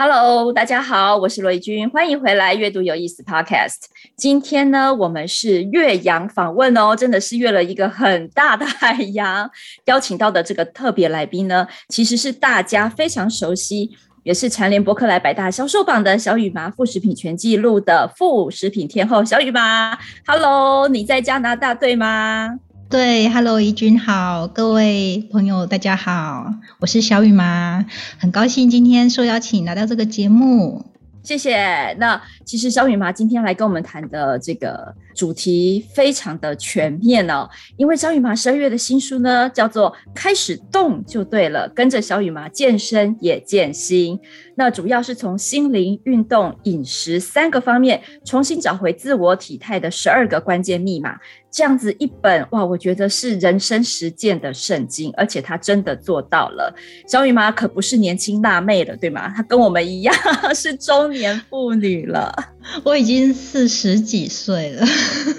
Hello，大家好，我是羅怡君，歡迎回來閱讀有意思 Podcast。今天呢，我們是越洋訪問哦，真的是越了一個很大的海洋。邀請到的這個特別來賓呢，其實是大家非常熟悉，也是蟬聯博客來百大銷售榜的小雨麻副食品全紀錄的副食品天后小雨麻。Hello，你在加拿大對嗎？對，Hello，怡君好，各位朋友大家好，我是小雨麻，很高興今天受邀請來到這個節目，謝謝。那其實小雨麻今天來跟我們談的這個。主題非常的全面哦，因為小雨麻十二月的新書呢，叫做《開始動就對了》，跟着小雨麻健身也健心。那主要是從心靈、運動、飲食三個方面，重新找回自我體態的十二個關鍵密碼。這樣子一本哇，我覺得是人生實踐的聖經，而且他真的做到了。小雨麻可不是年輕辣妹了，對嗎？她跟我們一樣是中年婦女了。 我已經四十幾歲了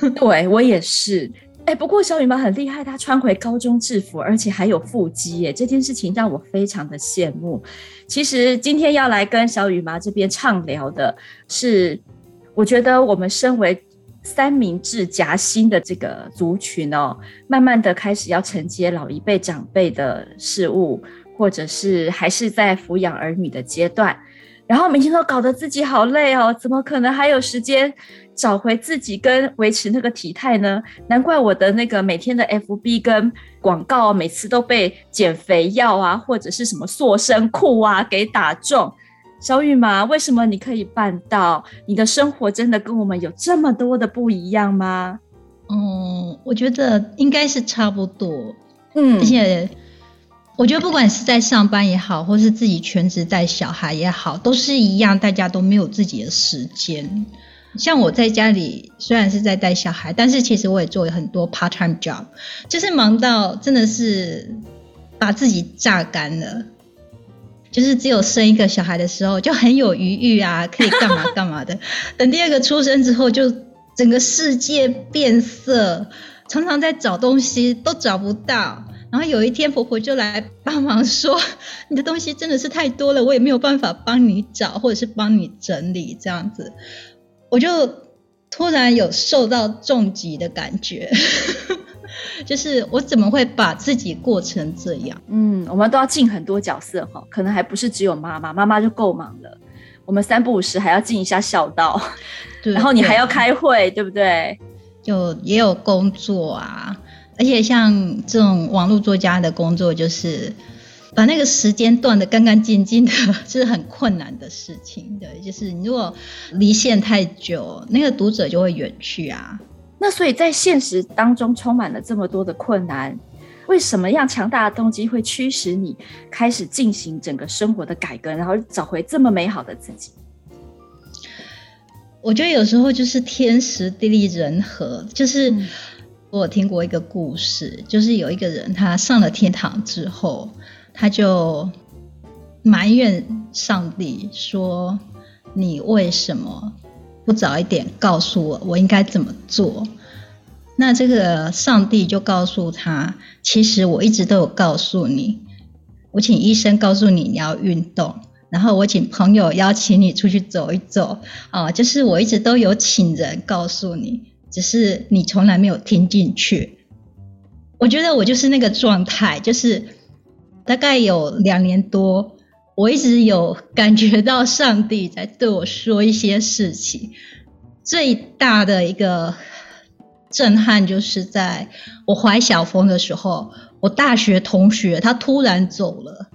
對，對我也是。哎，不過小雨麻很厲害，她穿回高中制服，而且還有腹肌耶！這件事情讓我非常的羨慕。其實今天要來跟小雨麻這邊暢聊的是，是我覺得我們身為三明治夾心的這個族群哦，慢慢的開始要承接老一輩長輩的事物，或者是還是在撫養兒女的階段。然後每天都搞得自己好累哦，怎麼可能還有時間找回自己跟維持那個體態呢？難怪我的那個每天的 FB 跟廣告每次都被減肥藥啊或者是什麼塑身褲啊給打中。小雨麻，為什麼你可以辦到？你的生活真的跟我們有這麼多的不一樣嗎？嗯，我覺得應該是差不多。嗯，謝謝。我覺得不管是在上班也好，或是自己全職帶小孩也好，都是一樣，大家都沒有自己的時間。像我在家裡雖然是在帶小孩，但是其實我也做了很多 part time job，就是忙到真的是把自己榨乾了。就是只有生一個小孩的時候，就很有餘裕啊，可以幹嘛幹嘛的。 等第二個出生之後，就整個世界變色，常常在找東西都找不到。然後有一天，婆婆就來幫忙說：“你的東西真的是太多了，我也沒有辦法幫你找或者是幫你整理這樣子。”我就突然有受到重擊的感覺， 就是我怎麼會把自己過成這樣？嗯，我們都要進很多角色哈，可能還不是只有媽媽，媽媽就夠忙了。我們三不五時還要盡一下孝道，對對，然後你還要開會，對不對？就也有工作啊。而且像這種網絡作家的工作，就是把那個時間斷得干干淨淨的，這是很困難的事情。對，就是你如果離線太久，那個讀者就會遠去啊。那所以在現實當中充滿了這麼多的困難，為什麼樣強大的動機會驅使你開始進行整個生活的改革，然後找回這麼美好的自己？我覺得有時候就是天時地利人和，就是、嗯。我聽過一個故事，就是有一個人他上了天堂之後，他就埋怨上帝說：“你為什麼不早一點告訴我我應該怎麼做？”那這個上帝就告訴他：“其實我一直都有告訴你，我請醫生告訴你你要運動，然後我請朋友邀請你出去走一走，啊，就是我一直都有請人告訴你。”只是你從來沒有聽進去。我覺得我就是那個狀態，就是大概有兩年多，我一直有感覺到上帝在對我說一些事情。最大的一個震撼就是在我懷小峰的時候，我大學同學他突然走了。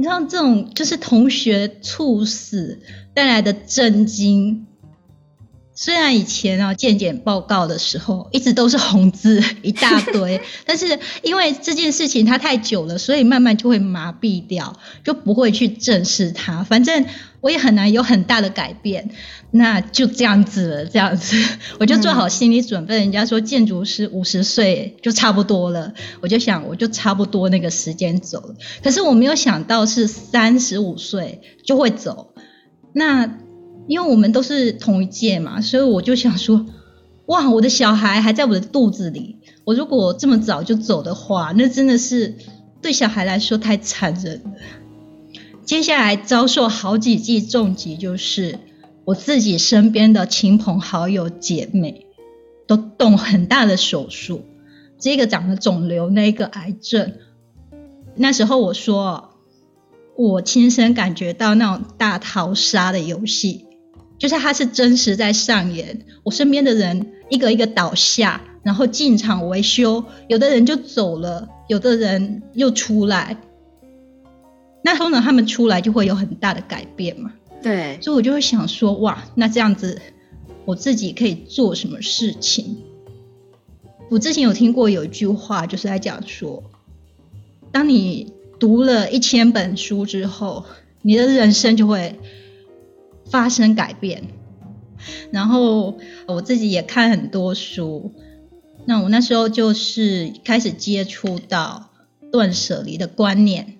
你像這種就是同學猝死帶來的震驚。雖然以前啊，健檢報告的時候一直都是紅字一大堆， 但是因為這件事情它太久了，所以慢慢就會麻痹掉，就不會去正視它。反正我也很難有很大的改變，那就這樣子了，這樣子，我就做好心理準備。嗯。人家說建築師五十歲就差不多了，我就想我就差不多那個時間走了。可是我沒有想到是三十五歲就會走，那。因為我們都是同一屆嘛，所以我就想說，哇，我的小孩還在我的肚子裡，我如果這麼早就走的話，那真的是對小孩來說太殘忍了。接下來遭受好幾記重擊，就是我自己身邊的親朋好友、姐妹都動很大的手術，這個長了腫瘤，那個癌症。那時候我說，我親身感覺到那種大逃殺的遊戲。就是它是真實在上演，我身邊的人一個一個倒下，然後進場維修，有的人就走了，有的人又出來。那時候呢，他們出來就會有很大的改變嘛。對，所以我就會想說，哇，那這樣子我自己可以做什麼事情？我之前有聽過有一句話，就是在講說，當你讀了一千本書之後，你的人生就會發生改變，然後我自己也看很多書。那我那時候就是開始接觸到斷捨離的觀念，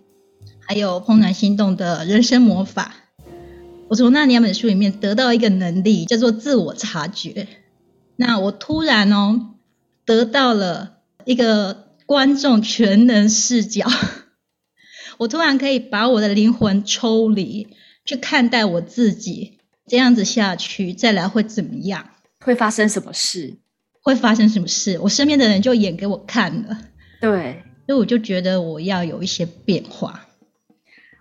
還有怦然心動的人生魔法。我從那兩本書裡面得到一個能力，叫做自我察覺。那我突然哦，得到了一個觀眾全能視角，我突然可以把我的靈魂抽離。去看待我自己，這樣子下去再來會怎麼樣？會發生什麼事？會發生什麼事？我身邊的人就演給我看了。對，所以我就覺得我要有一些變化。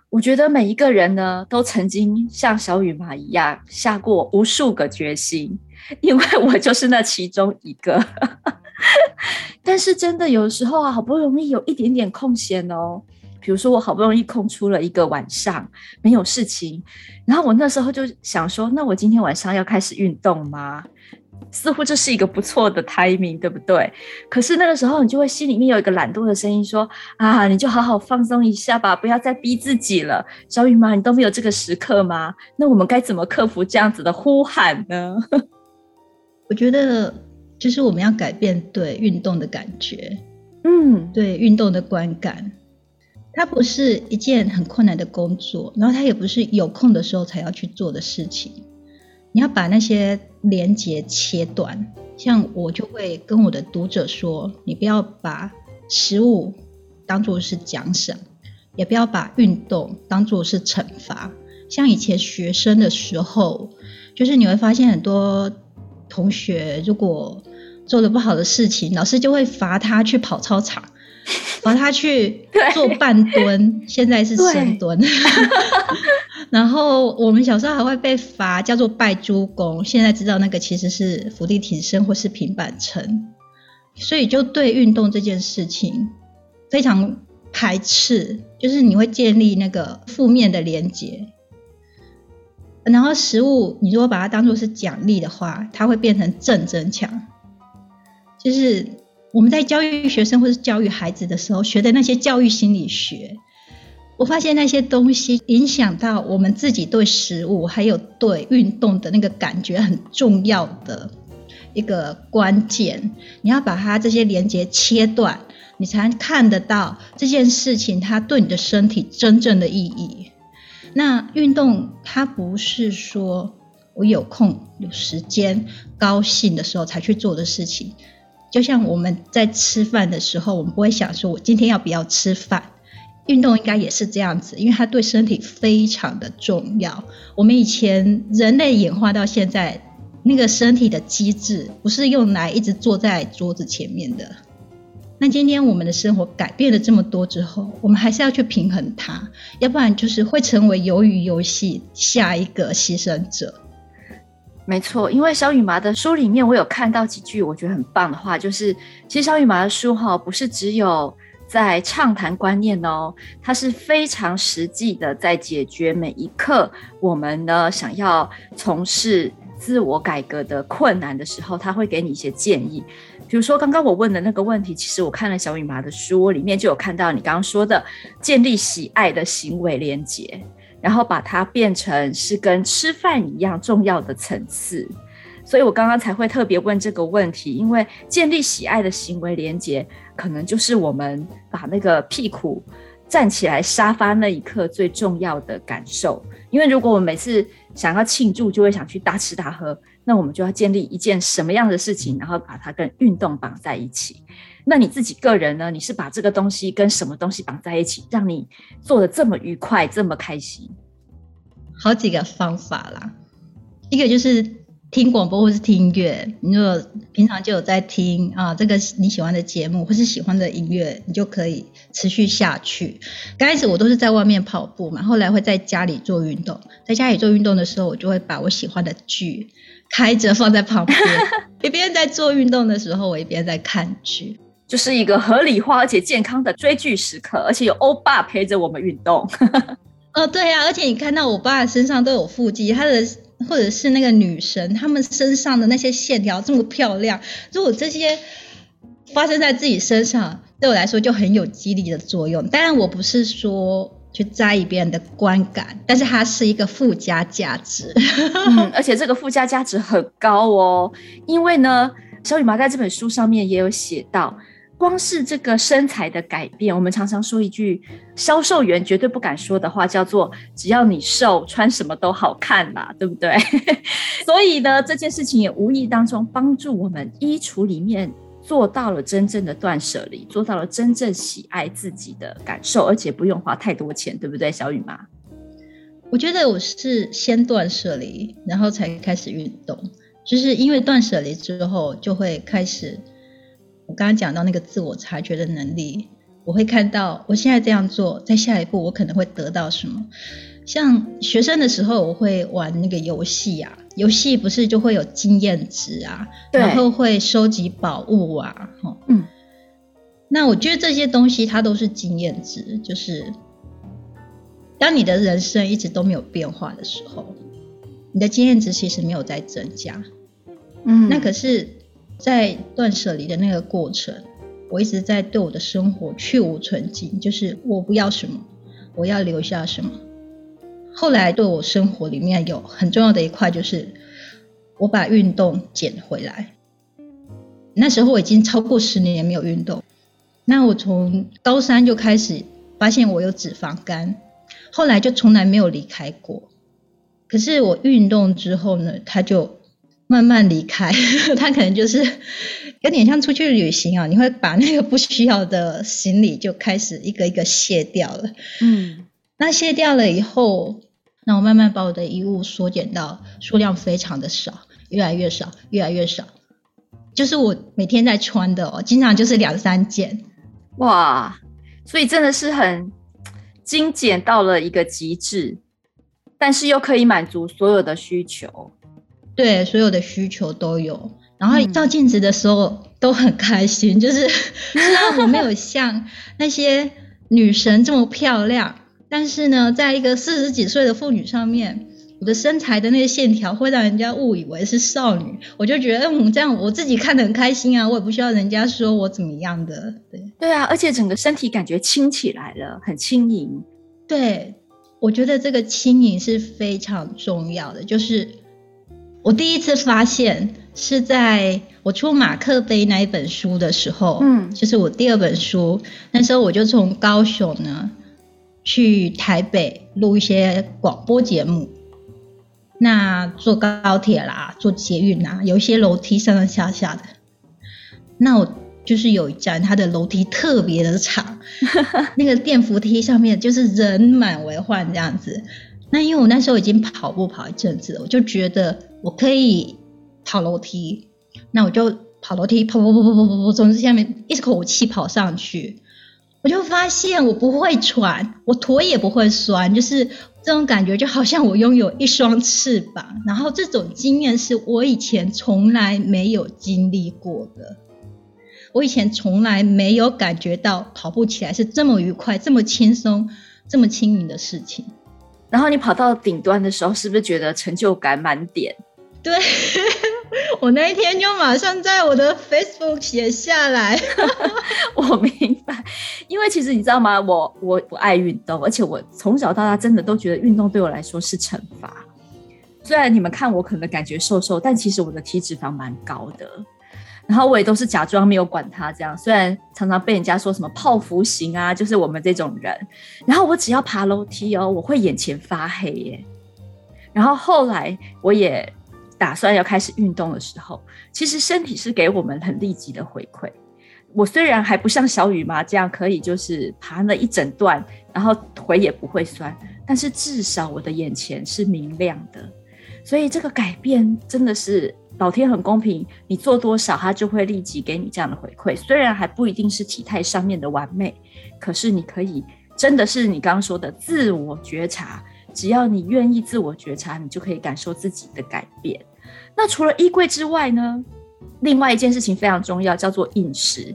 我覺得每一個人呢，都曾經像小雨麻一樣下過無數個決心，因為我就是那其中一個。 但是真的有時候啊，好不容易有一點點空閒哦。比如說，我好不容易空出了一個晚上沒有事情，然後我那時候就想說：“那我今天晚上要開始運動嗎？”似乎這是一個不錯的 timing，對不對？可是那個時候，你就會心裡面有一個懶惰的聲音說：“啊，你就好好放鬆一下吧，不要再逼自己了。”小雨麻，你都沒有這個時刻嗎？那我們該怎麼克服這樣子的呼喊呢？我覺得，就是我們要改變對運動的感覺，嗯，對運動的觀感。它不是一件很困難的工作，然後它也不是有空的時候才要去做的事情。你要把那些連結切斷，像我就會跟我的讀者說，你不要把食物當做是獎賞，也不要把運動當做是懲罰。像以前學生的時候，就是你會發現很多同學如果做了不好的事情，老師就會罰他去跑操場。然後他去做半蹲，對現在是深蹲。對 然後我們小時候還會被罰，叫做拜豬公。現在知道那個其實是伏地挺身或是平板撐。所以就對運動這件事情非常排斥，就是你會建立那個負面的連結。然後食物，你如果把它當作是獎勵的話，它會變成正增強，就是。我們在教育學生或者教育孩子的時候學的那些教育心理學，我發現那些東西影響到我們自己對食物還有對運動的那個感覺，很重要的一個關鍵。你要把它這些連結切斷，你才看得到這件事情它對你的身體真正的意義。那運動它不是說我有空有時間高興的時候才去做的事情。就像我們在吃飯的時候，我們不會想說“我今天要不要吃飯”，運動應該也是這樣子，因為它對身體非常的重要。我們以前人類演化到現在，那個身體的機制不是用來一直坐在桌子前面的。那今天我們的生活改變了這麼多之後，我們還是要去平衡它，要不然就是會成為魷魚遊戲下一個犧牲者。沒錯，因為小雨麻的書裡面，我有看到幾句我覺得很棒的話，就是其實小雨麻的書哈、哦，不是只有在暢談觀念哦，它是非常實際的，在解決每一刻我們呢想要從事自我改革的困難的時候，他會給你一些建議。比如說剛剛我問的那個問題，其實我看了小雨麻的書我裡面就有看到你剛剛說的建立喜愛的行為連接。然後把它變成是跟吃飯一樣重要的層次，所以我剛剛才會特別問這個問題，因為建立喜愛的行為連結，可能就是我們把那個屁股站起來沙發那一刻最重要的感受。因為如果我們每次想要慶祝，就會想去大吃大喝。那我們就要建立一件什麼樣的事情，然後把它跟運動綁在一起。那你自己個人呢？你是把這個東西跟什麼東西綁在一起，讓你做得這麼愉快，這麼開心？好幾個方法啦，一個就是聽廣播或是聽音樂。你如果平常就有在聽啊，這個你喜歡的節目或是喜歡的音樂，你就可以持續下去。剛開始我都是在外面跑步嘛，後來會在家裡做運動。在家裡做運動的時候，我就會把我喜歡的劇開着放在旁邊， 一邊在做運動的時候，我一邊在看劇，就是一個合理化而且健康的追劇時刻，而且有歐巴陪着我們運動。哦、 呃，對呀、啊，而且你看到歐巴身上都有腹肌，他的或者是那個女神，他們身上的那些線條這麼漂亮，如果這些發生在自己身上，對我來說就很有激勵的作用。當然，我不是說。去在意別人的觀感，但是它是一個附加價值，嗯，而且這個附加價值很高哦。因為呢，小雨麻在這本書上面也有寫到，光是這個身材的改變，我們常常說一句銷售員絕對不敢說的話，叫做“只要你瘦，穿什麼都好看”嘛，對不對？ 所以呢，這件事情也無意當中幫助我們衣櫥裡面。做到了真正的斷捨離，做到了真正喜愛自己的感受，而且不用花太多錢，對不對，小雨麻？我覺得我是先斷捨離，然後才開始運動，就是因為斷捨離之後，就會開始，我剛剛講到那個自我察覺的能力，我會看到我現在這樣做，在下一步我可能會得到什麼。像學生的時候，我會玩那個遊戲啊，遊戲不是就會有經驗值啊，對然後會收集寶物啊，嗯，那我覺得這些東西它都是經驗值，就是當你的人生一直都沒有變化的時候，你的經驗值其實沒有在增加，嗯，那可是，在斷舍離的那個過程，我一直在對我的生活去蕪存菁，就是我不要什麼，我要留下什麼。後來對我生活裡面有很重要的一塊，就是我把運動撿回來。那時候我已經超過十年沒有運動，那我從高三就開始發現我有脂肪肝，後來就從來沒有離開過。可是我運動之後呢，他就慢慢離開， 他可能就是有點像出去旅行啊，你會把那個不需要的行李就開始一個一個卸掉了。嗯，那卸掉了以後。那我慢慢把我的衣物縮減到數量非常的少，越來越少，越來越少，就是我每天在穿的哦、喔，經常就是兩三件，哇，所以真的是很精簡到了一個極致，但是又可以滿足所有的需求，對，所有的需求都有，然後照鏡子的時候都很開心，嗯、就是雖然 我沒有像那些女神這麼漂亮。但是呢，在一個四十幾歲的婦女上面，我的身材的那個線條會讓人家誤以為是少女。我就覺得嗯，欸，這樣，我自己看得很開心啊，我也不需要人家說我怎麼樣的。對對啊，而且整個身體感覺輕起來了，很輕盈。對，我覺得這個輕盈是非常重要的。就是我第一次發現是在我出馬克杯那一本書的時候，嗯，就是我第二本書那時候我就從高雄呢。去台北錄一些廣播節目，那坐高鐵啦，坐捷運啦，有一些樓梯上上下下的。那我就是有一站，它的樓梯特別的長， 那個電扶梯上面就是人滿為患這樣子。那因為我那時候已經跑步跑一陣子，我就覺得我可以跑樓梯，那我就跑樓梯，跑跑跑跑跑跑跑，從這下面一口氣跑上去。我就發現我不會喘，我腿也不會痠，就是這種感覺，就好像我擁有一雙翅膀。然後這種經驗是我以前從來沒有經歷過的，我以前從來沒有感覺到跑步起來是這麼愉快，這麼輕鬆，這麼輕盈的事情。然後你跑到頂端的時候，是不是覺得成就感滿點？對。 我那一天就馬上在我的 Facebook 寫下來。 我明白，因為其實你知道嗎我？我我不愛運動，而且我從小到大真的都覺得運動對我來說是懲罰。雖然你們看我可能感覺瘦瘦，但其實我的體脂肪蠻高的。然後我也都是假裝沒有管它，這樣雖然常常被人家說什麼泡芙型啊，就是我們這種人。然後我只要爬樓梯哦、喔，我會眼前發黑耶、欸。然後後來我也。打算要開始運動的時候，其實身體是給我們很立即的回饋。我雖然還不像小雨麻這樣可以就是爬了一整段，然後腿也不會酸，但是至少我的眼前是明亮的。所以這個改變真的是老天很公平，你做多少，他就會立即給你這樣的回饋。雖然還不一定是體態上面的完美，可是你可以真的是你剛剛說的自我覺察。只要你願意自我覺察，你就可以感受自己的改變。那除了衣櫃之外呢？另外一件事情非常重要，叫做飲食。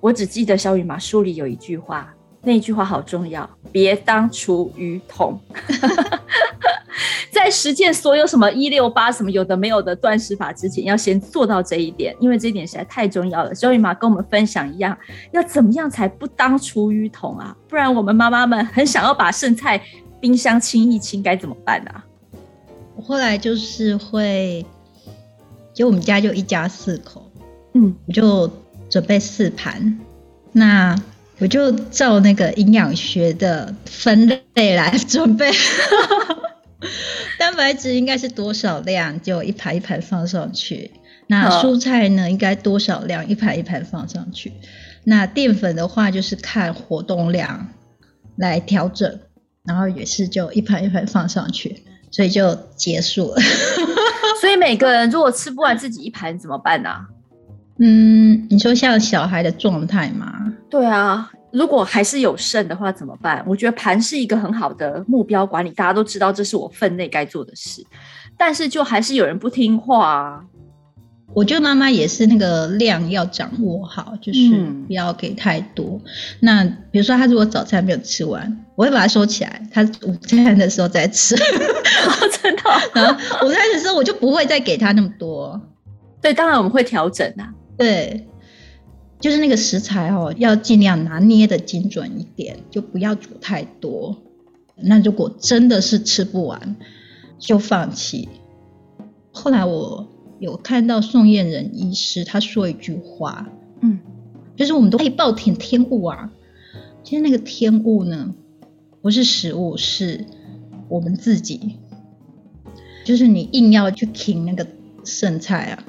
我只記得小雨麻書裡有一句話，那一句話好重要：別當廚餘桶。 在實踐所有什麼一六八什麼有的沒有的斷食法之前，要先做到這一點，因為這一點實在太重要了。小雨麻跟我們分享一樣，要怎麼樣才不當廚餘桶啊？不然我們媽媽們很想要把剩菜。冰箱清一清該怎麼辦呢、啊？我後來就是會，就我們家就一家四口，嗯，我就準備四盤。那我就照那個營養學的分類來準備， 蛋白質應該是多少量，就一盤一盤放上去。那蔬菜呢，好應該多少量，一盤一盤放上去？那澱粉的話，就是看活動量來調整。然後也是就一盤一盤放上去，所以就結束了。 所以每個人如果吃不完自己一盤怎麼辦呢？啊？嗯，你說像小孩的狀態嗎？對啊，如果還是有剩的話怎麼辦？我覺得盤是一個很好的目標管理，大家都知道這是我分內該做的事，但是就還是有人不聽話啊。我覺得媽媽也是那個量要掌握好，就是不要給太多。嗯、那比如說他如果早餐沒有吃完，我會把它收起來，他午餐的時候再吃。真的 道？然後午餐的時候我就不會再給他那麼多。對，當然我們會調整的，啊。對，就是那個食材哦，要盡量拿捏得精準一點，就不要煮太多。那如果真的是吃不完，就放棄。後來我，有看到宋晏仁醫師他說一句話，嗯，就是我們都可以暴殄天物啊。其實那個天物呢，不是食物，是我們自己。就是你硬要去啃那個剩菜啊，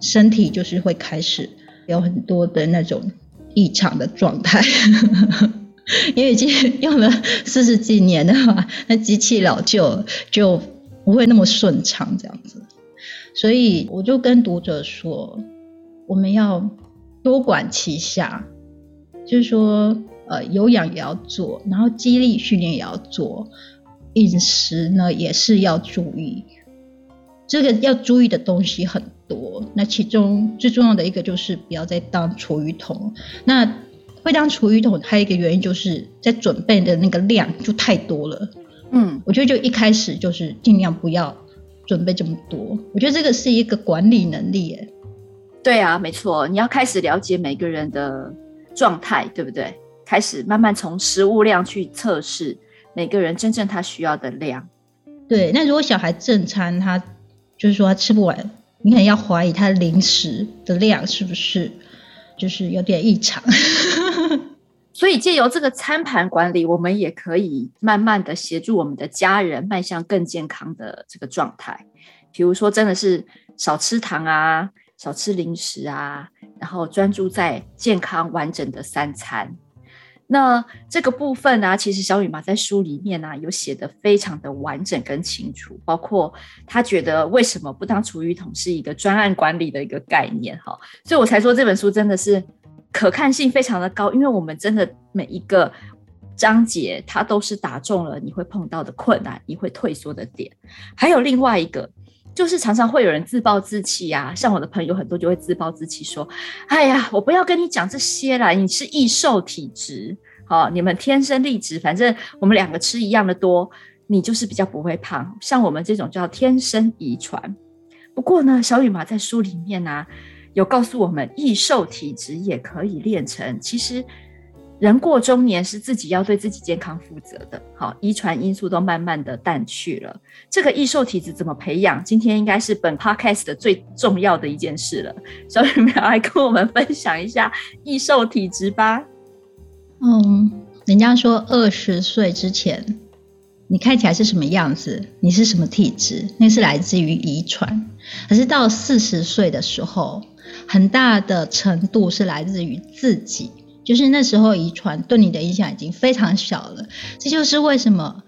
身體就是會開始有很多的那種異常的狀態， 因為已經用了四十幾年了嘛，那機器老舊就，就不會那麼順暢，這樣子。所以我就跟讀者說，我們要多管齊下，就是說，呃，有氧也要做，然後肌力訓練也要做，飲食呢也是要注意，這個要注意的東西很多。那其中最重要的一個就是不要再當廚餘桶。那會當廚餘桶還有一個原因就是在準備的那個量就太多了。嗯，我覺得就一開始就是盡量不要準備這麼多，我覺得這個是一個管理能力欸。哎，對啊，沒錯，你要開始了解每個人的狀態，對不對？開始慢慢從食物量去測試每個人真正他需要的量。對，那如果小孩正餐他就是說他吃不完，你還要懷疑他零食的量是不是就是有點異常。 所以，借由這個餐盤管理，我們也可以慢慢的協助我們的家人邁向更健康的這個狀態。比如說，真的是少吃糖啊，少吃零食啊，然後專注在健康完整的三餐。那這個部分呢、啊，其實小雨麻在書裡面呢、啊、有寫得非常的完整跟清楚，包括他覺得為什麼不當廚餘桶是一個專案管理的一個概念哈，所以我才說這本書真的是。可看性非常的高，因為我們真的每一個章節，它都是打中了你會碰到的困難，你會退縮的點。還有另外一個，就是常常會有人自暴自棄啊，像我的朋友很多就會自暴自棄，說：“哎呀，我不要跟你講這些啦，你是易瘦體質，好，你們天生麗質，反正我們兩個吃一樣的多，你就是比較不會胖，像我們這種叫天生遺傳。”不過呢，小雨麻在書裡面啊。有告訴我們，易瘦體質也可以練成。其實，人過中年是自己要對自己健康負責的。好，遺傳因素都慢慢的淡去了。這個易瘦體質怎麼培養？今天應該是本 podcast 的最重要的一件事了。所以小雨麻來跟我們分享一下易瘦體質吧。嗯，人家說二十歲之前，你看起來是什麼樣子，你是什麼體質，那是來自於遺傳。可是到四十歲的時候，很大的程度是來自於自己，就是那時候遺傳對你的影響已經非常小了。這就是為什麼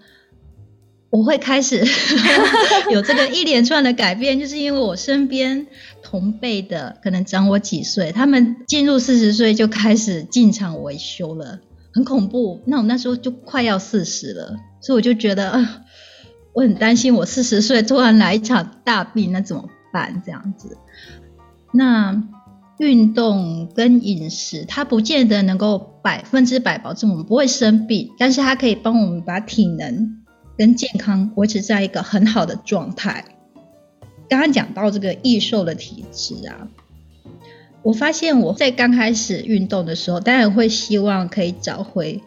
我會開始 有這個一連串的改變，就是因為我身邊同輩的可能長我幾歲，他們進入四十歲就開始進場維修了，很恐怖。那我那時候就快要四十了，所以我就覺得啊我很擔心，我四十歲突然來一場大病，那怎麼辦？這樣子。那運動跟飲食，它不見得能夠百分之百保證我們不會生病，但是它可以幫我們把體能跟健康維持在一個很好的狀態。剛剛講到這個易瘦的體質啊，我發現我在剛開始運動的時候，當然會希望可以找回，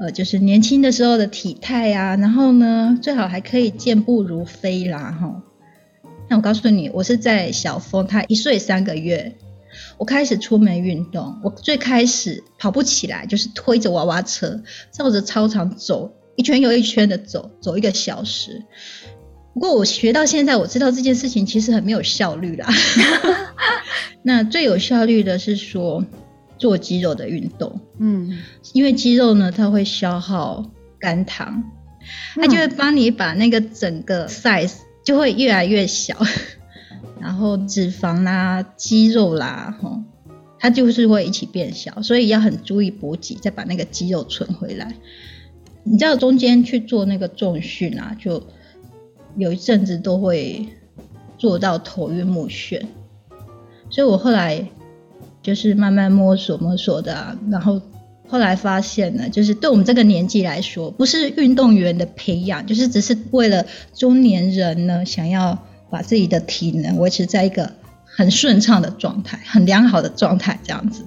呃，就是年輕的時候的體態啊，然後呢，最好還可以健步如飛啦，哈。那我告訴你，我是在小峰他一歲三個月，我開始出門運動。我最開始跑不起來，就是推着娃娃車照着操場走一圈又一圈的走，走一個小時。不過我學到現在，我知道這件事情其實很沒有效率啦。 那最有效率的是說做肌肉的運動，嗯，因為肌肉呢，它會消耗肝糖，嗯、它就會幫你把那個整個 size。就會越來越小，然後脂肪啦、啊、肌肉啦、啊，哈、嗯、它就是會一起變小，所以要很注意補給，再把那個肌肉存回來。你知道中間去做那個重訓啊，就有一陣子都會做到頭暈目眩，所以我後來就是慢慢摸索摸索的、啊，然後。後來發現呢，就是對我們這個年紀來說，不是運動員的培養，就是只是為了中年人呢，想要把自己的體能維持在一個很順暢的狀態、很良好的狀態這樣子。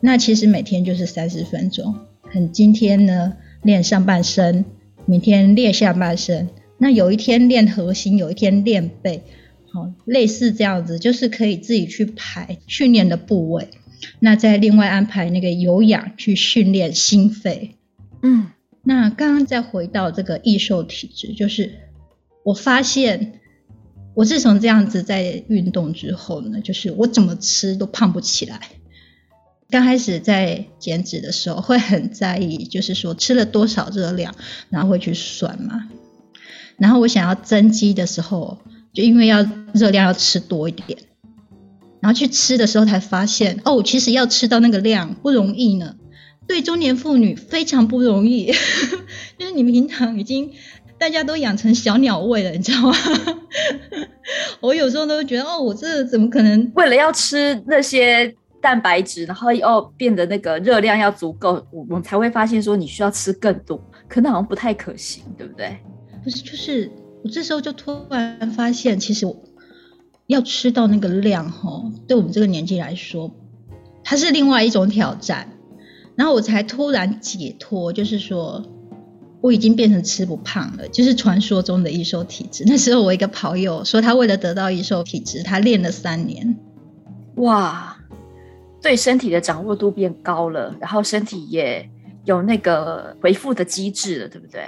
那其實每天就是三十分鐘，很，今天呢練上半身，明天練下半身，那有一天練核心，有一天練背，好，類似這樣子，就是可以自己去排訓練的部位。那再另外安排那個有氧去訓練心肺，嗯，那剛剛再回到這個易瘦體質，就是我發現我自從這樣子在運動之後呢，就是我怎麼吃都胖不起來。剛開始在減脂的時候會很在意，就是說吃了多少熱量，然後會去算嘛。然後我想要增肌的時候，就因為要熱量要吃多一點。然後去吃的時候才發現，哦，其實要吃到那個量不容易呢，對中年婦女非常不容易，因 為你們平常已經大家都養成小鳥胃了，你知道嗎？ 我有時候都會覺得，哦，我這怎麼可能為了要吃那些蛋白質，然後又變得那個熱量要足夠，我我們才會發現說你需要吃更多，可能好像不太可行，對不對？不是，就是我這時候就突然發現，其實我。要吃到那個量哦，對我們這個年紀來說，它是另外一種挑戰。然後我才突然解脫，就是說我已經變成吃不胖了，就是傳說中的易瘦體質。那時候我一個跑友說，他為了得到易瘦體質，他練了三年。哇，對身體的掌握度變高了，然後身體也有那個恢復的機制了，對不對？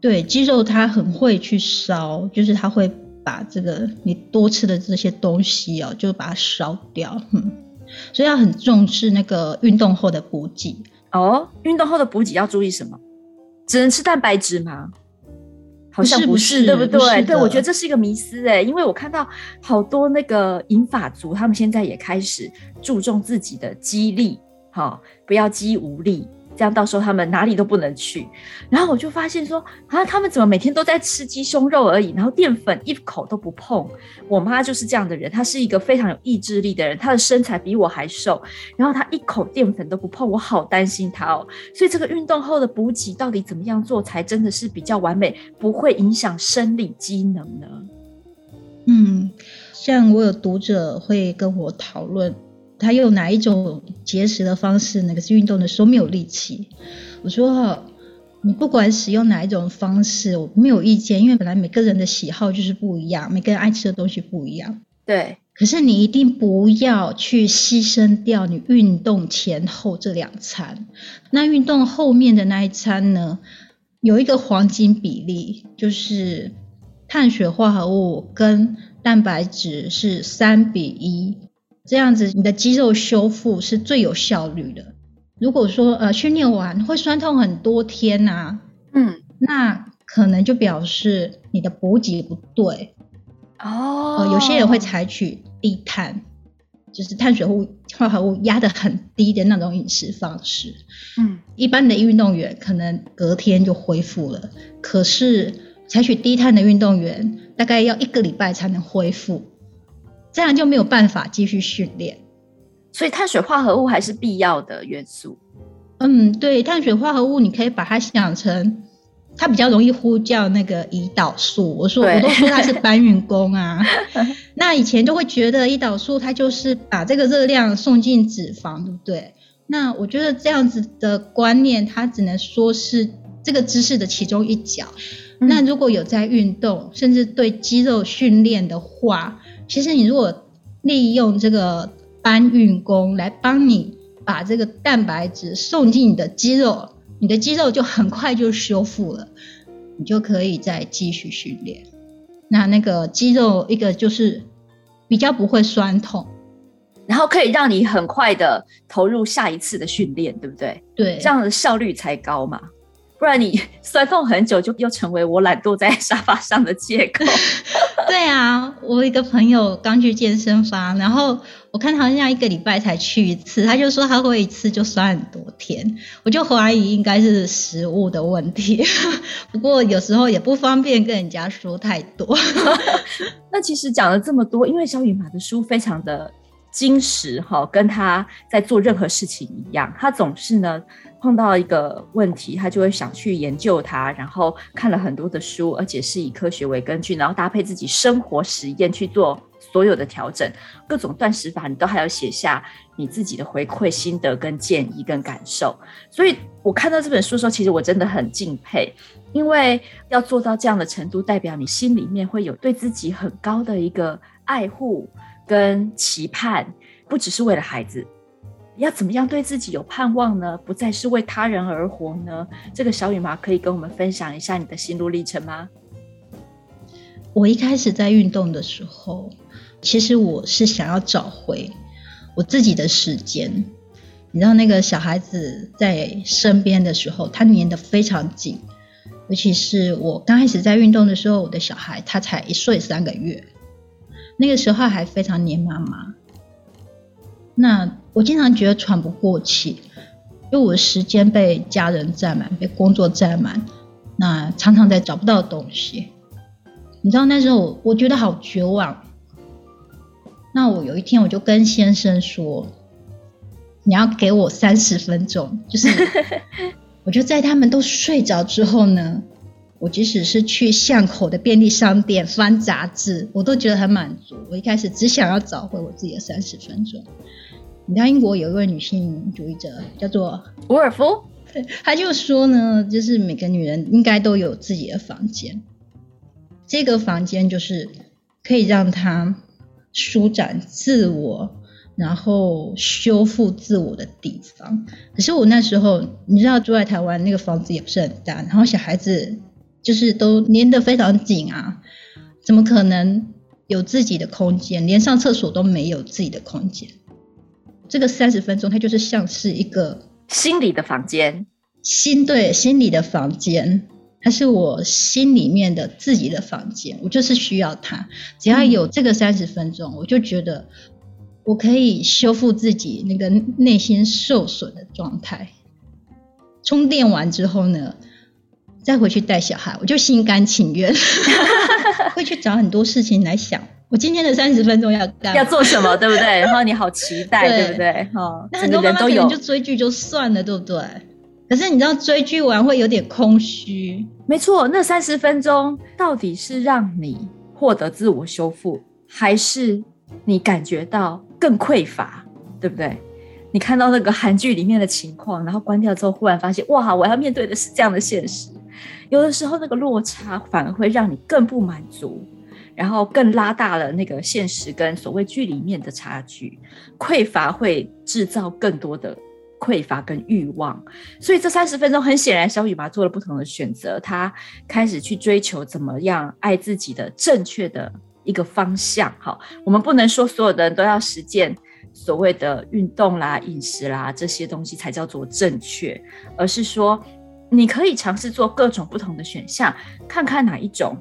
對，肌肉它很會去燒，就是它會。把這個你多吃的這些東西哦、喔，就把它燒掉，哼、嗯，所以要很重視那個運動後的補給哦。運動後的補給要注意什麼？只能吃蛋白質嗎？好像不是，不是，對不對？不是的，不是的，對，我覺得這是一個迷思哎、欸，因為我看到好多那個銀髮族，他們現在也開始注重自己的肌力，哈、哦，不要肌無力。這樣到時候他們哪裡都不能去。然後我就發現說啊，他們怎麼每天都在吃雞胸肉而已，然後澱粉一口都不碰。我媽就是這樣的人，她是一個非常有意志力的人，她的身材比我還瘦，然後她一口澱粉都不碰，我好擔心她哦。所以這個運動後的補給到底怎麼樣做才真的是比較完美，不會影響生理機能呢？嗯，像我有讀者會跟我討論。他用哪一種節食的方式？那個是運動的時候沒有力氣。我說你不管使用哪一種方式，我沒有意見，因為本來每個人的喜好就是不一樣，每個人愛吃的東西不一樣。對。可是你一定不要去犧牲掉你運動前後這兩餐。那運動後面的那一餐呢？有一個黃金比例，就是碳水化合物跟蛋白質是三比一。這樣子，你的肌肉修復是最有效率的。如果說，呃，訓練完會酸痛很多天啊，嗯，那可能就表示你的補給不對哦、呃。有些人會採取低碳，就是碳水污化合物壓得很低的那種飲食方式。嗯，一般的運動員可能隔天就恢復了，可是採取低碳的運動員，大概要一個禮拜才能恢復。這樣就沒有辦法繼續訓練，所以碳水化合物還是必要的元素？嗯，對，碳水化合物你可以把它想成它比較容易呼叫那個胰島素。我說對我都說它是搬運工啊。 那以前就會覺得胰島素它就是把這個熱量送進脂肪，對不對？那我覺得這樣子的觀念，它只能說是這個知識的其中一角。嗯、那如果有在運動，甚至對肌肉訓練的話。其實你如果利用這個搬運工來幫你把這個蛋白質送進你的肌肉，你的肌肉就很快就修復了，你就可以再繼續訓練。那那個肌肉一個就是比較不會痠痛，然後可以讓你很快的投入下一次的訓練，對不對？對，這樣的效率才高嘛。不然你痠痛很久，就又成為我懶惰在沙發上的借口。 對啊，我一個朋友剛去健身房，然後我看他好像一個禮拜才去一次，他就說他會一次就酸很多天，我就懷疑應該是食物的問題。 不過有時候也不方便跟人家說太多。 那其實講了這麼多，因為小雨麻的書非常的精實哈，跟他在做任何事情一樣，他總是呢。碰到一個問題，他就會想去研究它，然後看了很多的書，而且是以科學為根據，然後搭配自己生活實驗去做所有的調整。各種斷食法，你都還要寫下你自己的回饋心得、跟建議、跟感受。所以我看到這本書的時候，其實我真的很敬佩，因為要做到這樣的程度，代表你心裡面會有對自己很高的一個愛護跟期盼，不只是為了孩子。要怎麼樣對自己有盼望呢？不再是為他人而活呢？這個小雨麻可以跟我們分享一下你的心路歷程嗎？我一開始在運動的時候，其實我是想要找回我自己的時間。你知道那個小孩子在身邊的時候，他黏得非常緊。尤其是我剛開始在運動的時候，我的小孩他才一歲三個月，那個時候還非常黏媽媽。那我經常覺得喘不過氣，因為我的時間被家人佔滿，被工作佔滿，那常常在找不到東西。你知道那時候我我覺得好絕望。那我有一天我就跟先生說：“你要給我三十分鐘，就是我就在他們都睡着之後呢，我即使是去巷口的便利商店翻雜誌，我都覺得很滿足。我一開始只想要找回我自己的三十分鐘。”你知道英國有一位女性主義者叫做伍爾夫，她 Or ful? 就說呢，就是每個女人應該都有自己的房間，這個房間就是可以讓她舒展自我，然後修復自我的地方。可是我那時候，你知道住在台灣那個房子也不是很大，然後小孩子就是都黏得非常緊啊，怎麼可能有自己的空間？連上廁所都沒有自己的空間。這個三十分鐘，它就是像是一個心裡的房間，心對心裡的房間，它是我心裡面的自己的房間，我就是需要它。只要有這個三十分鐘，嗯、我就覺得我可以修復自己那個內心受損的狀態。充電完之後呢，再回去帶小孩，我就心甘情願， 會去找很多事情來想。我今天的三十分鐘要幹要做什麼， 對不對？然後你好期待，對，對不對？好、哦，那很多媽媽可能就追劇就算了， 對不對？可是你知道追劇完會有點空虛，沒錯。那三十分鐘到底是讓你獲得自我修復，還是你感覺到更匱乏，對不對？你看到那個韓劇裡面的情況，然後關掉之後，忽然發現哇，我要面對的是這樣的現實。有的時候那個落差反而會讓你更不滿足。然後更拉大了那個現實跟所謂劇裡面的差距，匱乏會製造更多的匱乏跟欲望，所以這三十分鐘很顯然，小雨麻做了不同的選擇，她開始去追求怎麼樣愛自己的正確的一個方向。哈，我們不能說所有的人都要實踐所謂的運動啦、飲食啦這些東西才叫做正確，而是說你可以嘗試做各種不同的選項，看看哪一種。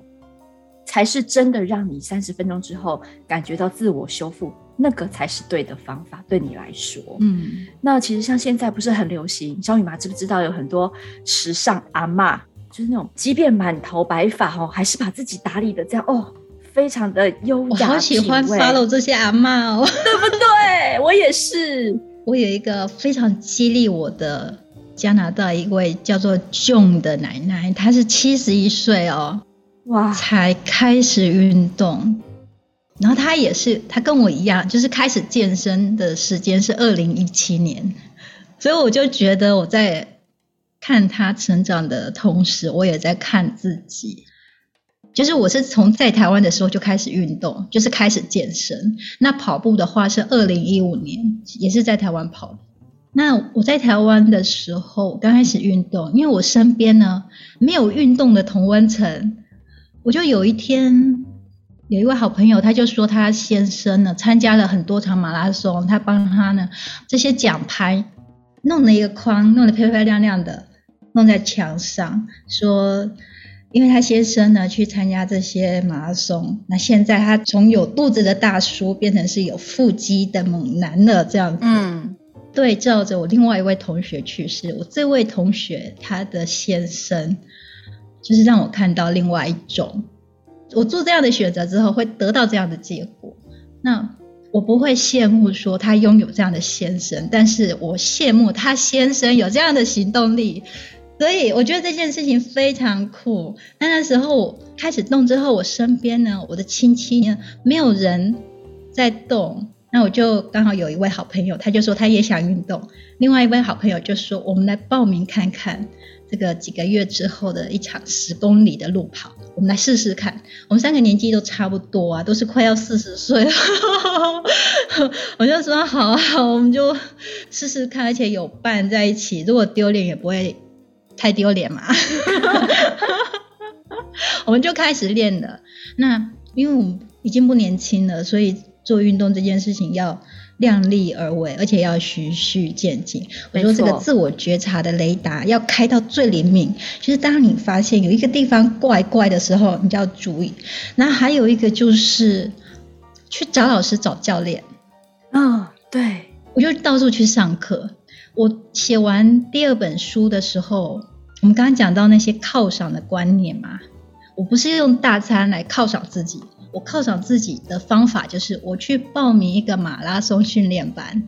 才是真的讓你三十分鐘之後感覺到自我修復，那個才是對的方法，對你來說。嗯，那其實像現在不是很流行，小雨麻知不知道？有很多時尚阿嬤，就是那種即便滿頭白髮哦，還是把自己打理得這樣哦，非常的優雅。我好喜歡 follow 這些阿嬤哦， 對不對？我也是。我有一個非常激勵我的加拿大一位叫做 John 的奶奶，她是七十一歲哦。哇！才開始運動，然後他也是，他跟我一樣，就是開始健身的時間是二零一七年，所以我就覺得我在看他成長的同時，我也在看自己。就是我是從在台灣的時候就開始運動，就是開始健身。那跑步的話是二零一五年，也是在台灣跑。那我在台灣的時候剛開始運動，因為我身邊呢沒有運動的同溫層。我就有一天，有一位好朋友，他就說他先生呢參加了很多場馬拉松，他幫他呢這些獎牌弄了一個框，弄得漂漂亮亮的，弄在牆上，說因為他先生呢去參加這些馬拉松，那現在他從有肚子的大叔變成是有腹肌的猛男了，這樣子。嗯，對照着我另外一位同學去世，我這位同學他的先生。就是讓我看到另外一種，我做這樣的選擇之後會得到這樣的結果。那我不會羨慕說他擁有這樣的先生，但是我羨慕他先生有這樣的行動力。所以我覺得這件事情非常酷。那那時候開始動之後，我身邊呢，我的親戚呢，沒有人在動。那我就剛好有一位好朋友，他就說他也想運動；另外一位好朋友就說我們來報名看看。這個幾個月之後的一場十公里的路跑，我們來試試看。我們三個年紀都差不多啊，都是快要四十歲了。 我就說好啊，我們就試試看，而且有伴在一起，如果丟臉也不會太丟臉嘛。 我們就開始練了。那因為我們已經不年輕了，所以做運動這件事情要。量力而為，而且要循序漸進。沒錯。我說這個自我覺察的雷達要開到最靈敏，就是當你發現有一個地方怪怪的時候，你就要注意。那還有一個就是去找老師、找教練。啊、嗯，對，我就到處去上課。我寫完第二本書的時候，我們剛剛講到那些犒賞的觀念嘛，我不是用大餐來犒賞自己。我犒賞自己的方法，就是我去報名一個馬拉松訓練班，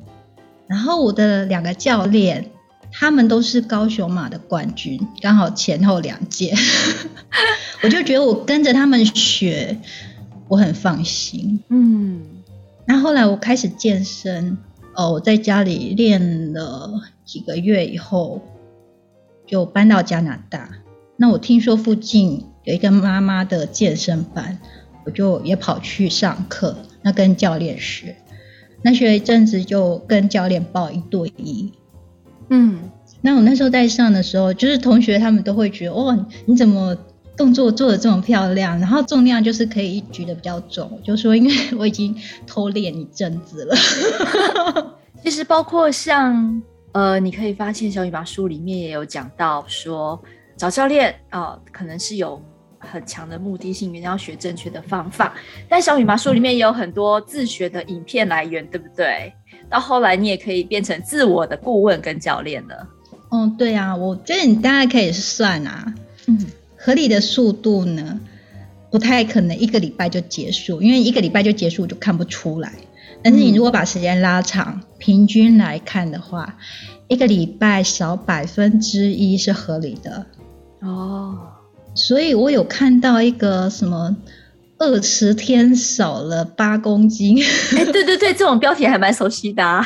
然後我的兩個教練，他們都是高雄馬的冠軍，剛好前後兩屆， 我就覺得我跟着他們學，我很放心。嗯，那後來我開始健身，哦，我在家裡練了幾個月以後，就搬到加拿大。那我聽說附近有一個媽媽的健身班。我就也跑去上課，那跟教練學，那學一陣子就跟教練報一對一。嗯，那我那時候在上的時候，就是同學他們都會覺得，哦，你怎麼動作做的這麼漂亮？然後重量就是可以舉的比較重。我就說，因為我已經偷練一陣子了。 其實包括像呃，你可以發現小雨麻書裡面也有講到說，說找教練啊、呃，可能是有。很強的目的性，一定要學正確的方法。但小雨麻書裡面也有很多自學的影片來源，嗯、對不對？到後來你也可以變成自我的顧問跟教練了。嗯、哦，對啊，我覺得你大概可以算啊。嗯，合理的速度呢，不太可能一個禮拜就結束，因為一個禮拜就結束就看不出來。但是你如果把時間拉長，嗯、平均來看的話，一個禮拜少百分之一是合理的。哦。所以我有看到一個什麼二十天少了八公斤，哎，對對對， 這種標題還蠻熟悉的啊，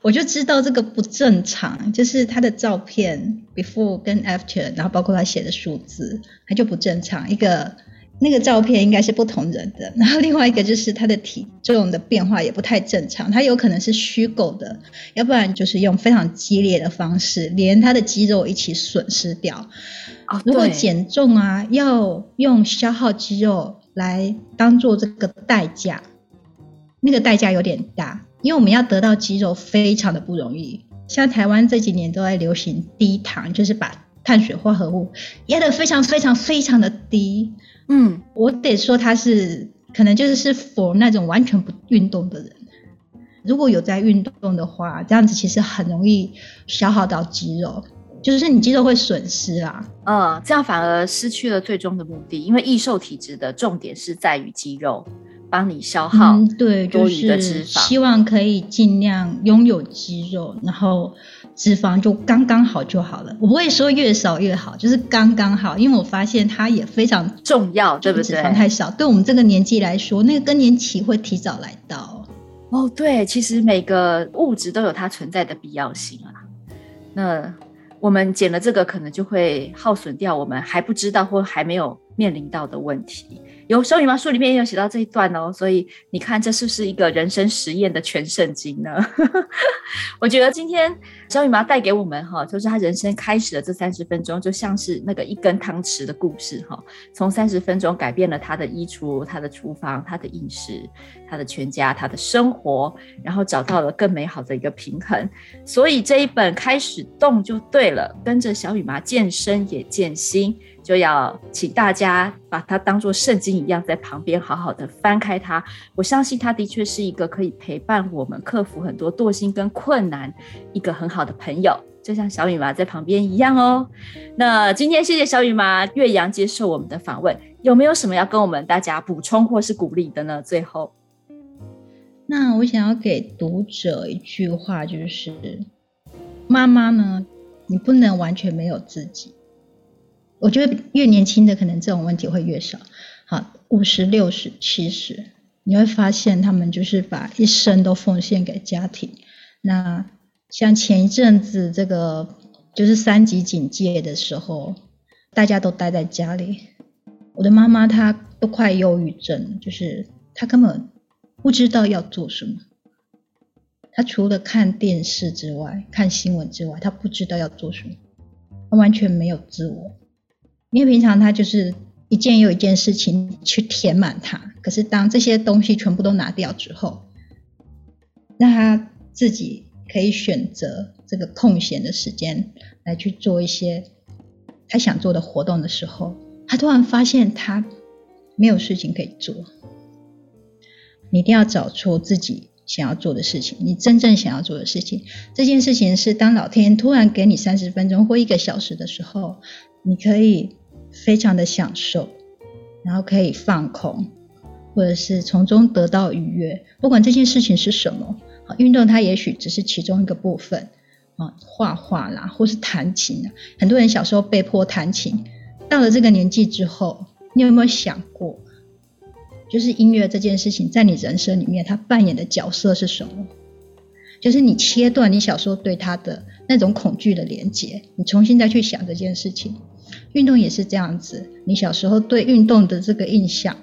我就知道這個不正常，就是他的照片 before 跟 after，然後包括他寫的數字，他就不正常一個。那個照片應該是不同人的，然後另外一個就是他的體重的變化也不太正常，他有可能是虛構的，要不然就是用非常激烈的方式連他的肌肉一起損失掉。哦，如果減重啊，要用消耗肌肉來當做這個代價，那個代價有點大，因為我們要得到肌肉非常的不容易。像台灣這幾年都在流行低醣，就是把碳水化合物壓得非常非常非常的低。嗯，我得說他是可能就是適合那種完全不運動的人，如果有在運動的話，這樣子其實很容易消耗到肌肉，就是你肌肉會損失啊。嗯，這樣反而失去了最終的目的，因為易瘦體質的重點是在於肌肉，幫你消耗多餘的脂肪。嗯，對就是，希望可以盡量擁有肌肉，然後。脂肪就剛剛好就好了，我不會說越少越好，就是剛剛好，因為我發現它也非常重要，對不對？脂肪太少，對，對，對我們這個年紀來說，那個更年期會提早來到。哦，對，其實每個物質都有它存在的必要性啊。那我們減了這個，可能就會耗損掉我們還不知道或還沒有。面臨到的問題，有小雨麻書裡面也有寫到這一段哦，所以你看這是不是一個人生實驗的全聖經呢？ 我覺得今天小雨麻帶給我們哈，就是他人生開始的這三十分鐘，就像是那個一根湯匙的故事哈，從三十分鐘改變了他的衣櫥、他的廚房、他的飲食、他的全家、他的生活，然後找到了更美好的一個平衡。所以這一本開始動就對了，跟着小雨麻健身也健心。就要請大家把它當做聖經一樣，在旁邊好好的翻開它。我相信它的確是一個可以陪伴我們克服很多惰性跟困難一個很好的朋友，就像小雨麻在旁邊一樣哦。那今天謝謝小雨麻、岳陽接受我們的訪問，有沒有什麼要跟我們大家補充或是鼓勵的呢？最後，那我想要給讀者一句話，就是媽媽呢，你不能完全沒有自己。我覺得越年輕的可能這種問題會越少。好，五十六十七十，你會發現他們就是把一生都奉獻給家庭。那像前一陣子這個就是三級警戒的時候，大家都待在家裡。我的媽媽她都快憂鬱症了，就是她根本不知道要做什麼。她除了看電視之外，看新聞之外，她不知道要做什麼。她完全沒有自我。因為平常他就是一件又一件事情去填滿他，可是當這些東西全部都拿掉之後，那他自己可以選擇這個空閒的時間來去做一些他想做的活動的時候，他突然發現他沒有事情可以做。你一定要找出自己想要做的事情，你真正想要做的事情。這件事情是當老天突然給你三十分鐘或一個小時的時候，你可以。非常的享受，然後可以放空，或者是從中得到愉悅，不管這件事情是什麼。好，運動它也許只是其中一個部分啊，畫畫啦，或是彈琴啊。很多人小時候被迫彈琴，到了這個年紀之後，你有沒有想過，就是音樂這件事情在你人生裡面它扮演的角色是什麼？就是你切斷你小時候對它的那種恐懼的連接，你重新再去想這件事情。運動也是這樣子，你小時候對運動的這個印象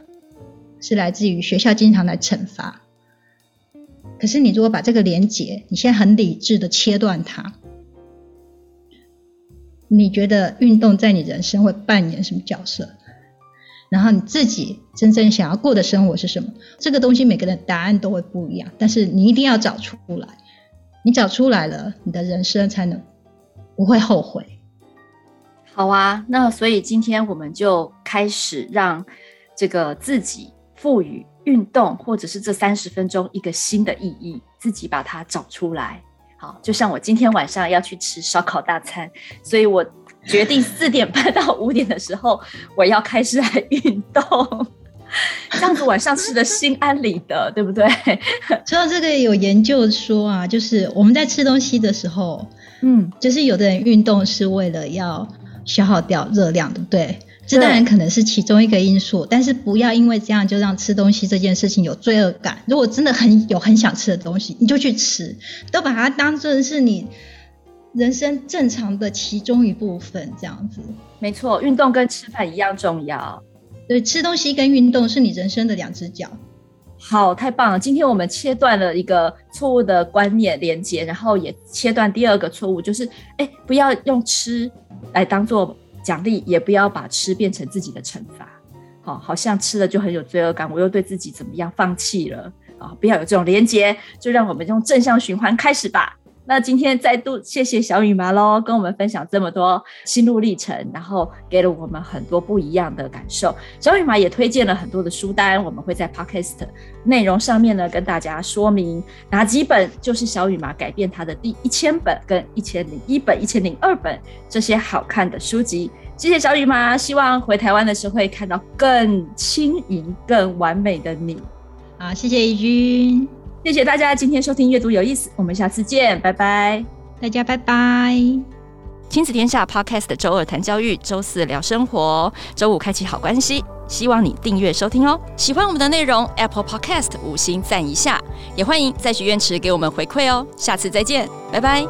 是來自於學校經常來懲罰。可是你如果把這個連結，你現在很理智地切斷它，你覺得運動在你人生會扮演什麼角色？然後你自己真正想要過的生活是什麼？這個東西每個人答案都會不一樣，但是你一定要找出來。你找出來了，你的人生才能不會後悔。好啊，那所以今天我們就開始讓這個自己賦予運動，或者是這三十分鐘一個新的意義，自己把它找出來。好，就像我今天晚上要去吃燒烤大餐，所以我決定四點半到五點的時候我要開始來運動， 這樣子晚上吃的心安理得， 對不對？說到這個有研究說啊，就是我們在吃東西的時候，嗯，就是有的人運動是為了要。消耗掉熱量，對不對？這當然可能是其中一個因素，對但是不要因為這樣就讓吃東西這件事情有罪惡感。如果真的很有很想吃的東西，你就去吃，都把它當做是你人生正常的其中一部分，這樣子。沒錯，運動跟吃飯一樣重要。對，吃東西跟運動是你人生的兩隻腳。好，太棒了！今天我們切斷了一個錯誤的觀念連接，然後也切斷第二個錯誤，就是哎、欸，不要用吃來當做獎勵，也不要把吃變成自己的懲罰。好，好像吃了就很有罪惡感，我又對自己怎麼樣放，放棄了啊！不要有這種連接，就讓我們用正向循環開始吧。那今天再度謝謝小雨麻嘍，跟我們分享這麼多心路歷程，然後給了我們很多不一樣的感受。小雨麻也推薦了很多的書單，我們會在 Podcast 內容上面呢，跟大家說明哪幾本就是小雨麻改變他的第一千本，本，跟一千零一本、一千零二本這些好看的書籍。謝謝小雨麻，希望回台灣的時候會看到更輕盈、更完美的你。啊，謝謝怡君謝謝大家今天收聽閱讀有意思，我們下次見，拜拜，大家拜拜。親子天下 Podcast 週二談教育，週四聊生活，週五開啟好關係，希望你訂閱收聽哦。喜歡我們的內容，Apple Podcast 五星讚一下，也歡迎在許願池給我們回饋哦。下次再見，拜拜。